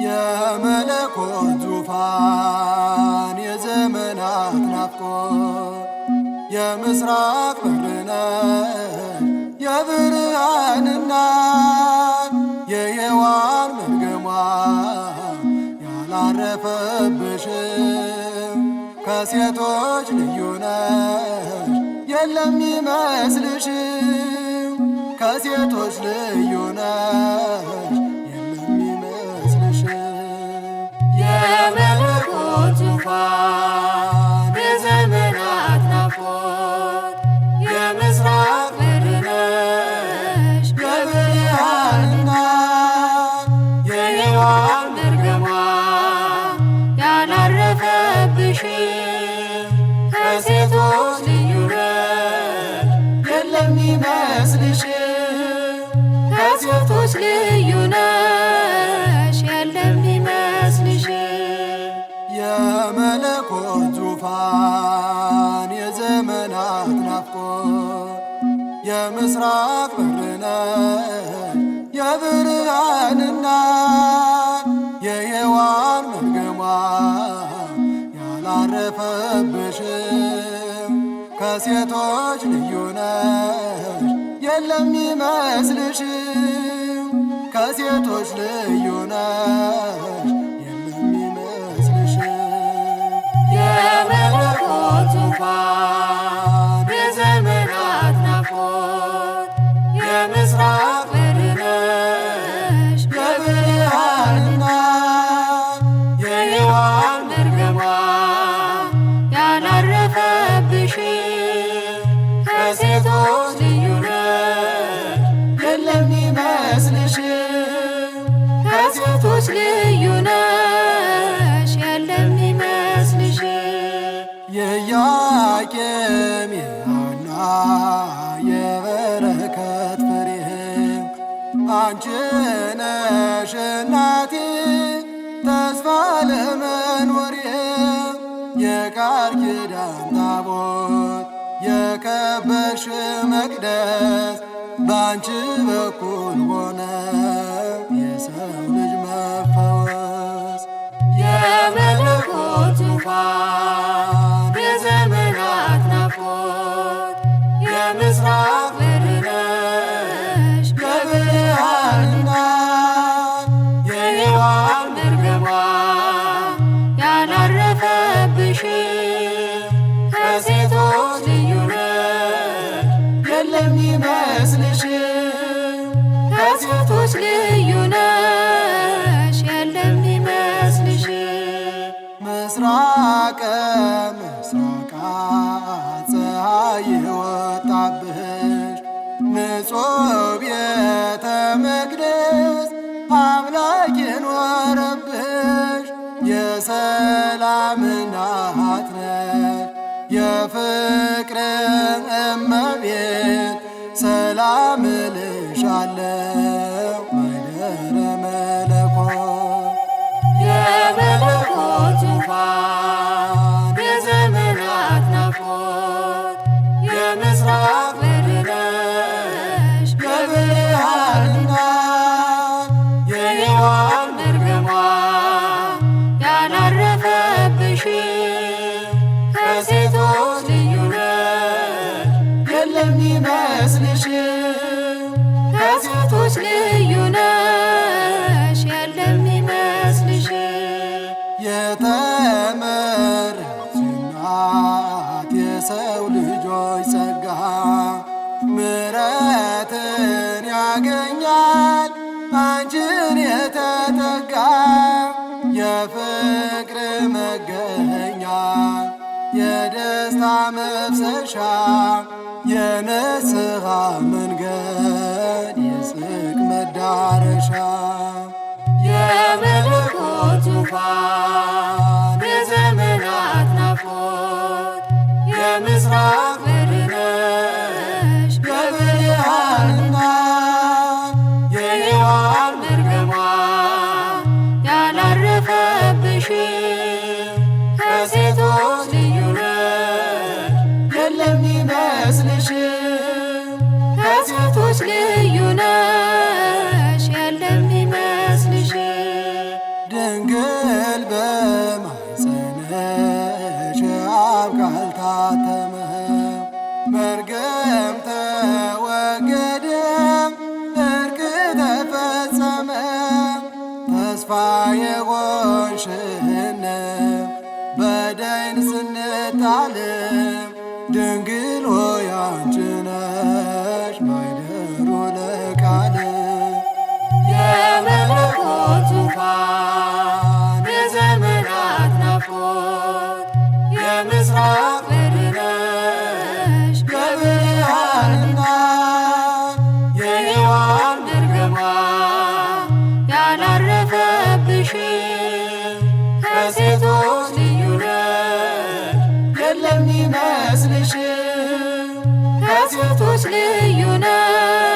የመለኮት ዙፋን የዘመናት ናፍቆ አረፈብሽ ከሴቶች ልዩ ነሽ የለም ይመስልሽ። ከሴቶች ልዩ ነሽ የለም ይመስልሽ። የመለኮት ዙፋን ምስራቅ ብርነ የብርሃንና የየዋን መርገሟ ያላረፈብሽም ከሴቶች ልዩ ነሽ የለም ይመስልሽም ከሴቶች ልዩ የለም ይመስልሽም የመለኮት ዙፋን سفارش لیونه کلم نیمز لشه حضرتوش لیونه شلم نیمز لشه یه یاگه میانا یه برکت فریم آنچنش نتی تزفال من وریم یه کار کردن دابون ከበርሽ መቅደስ በአንቺ በኩል ሆነ የሰው ልጅ መፈወስ የመለኮት ዙፋን የዘመናት ናፍቆት የምስራቅ ምድረሽ ምስራቀም ምስራቃ ፀሐይ ወጣብሽ ንጹሕ ቤተ መቅደስ አምላክ ይኖረብሽ የሰላም ናት ነሽ የፍቅር እመቤት ሰላም ዙፋን ያገኛል አንቺን የተጠጋ የፍቅር መገኛ የደስታ መፍሰሻ የንስሐ መንገድ የጽድቅ መዳረሻ የመለኮት ዙፋን የሚመስልሽ ከሴቶች ልዩ ነሽ ያለሚመስልሽ ድንግል በማኅፀንሽ አብ ቃል ታተመ መርገም ተወገደ እርቅ ተፈጸመ ተስፋ የሆንሽነ በደይን ስንጣልም ድንግል ሆይ አንቺ ነሽ ማኅደሩ ለቃል የመለኮት ዙፋን የዘመናት ናፍቆት የምስራቅ ከሴቶች የሚመስልሽ ከሴቶች ልዩ ነው።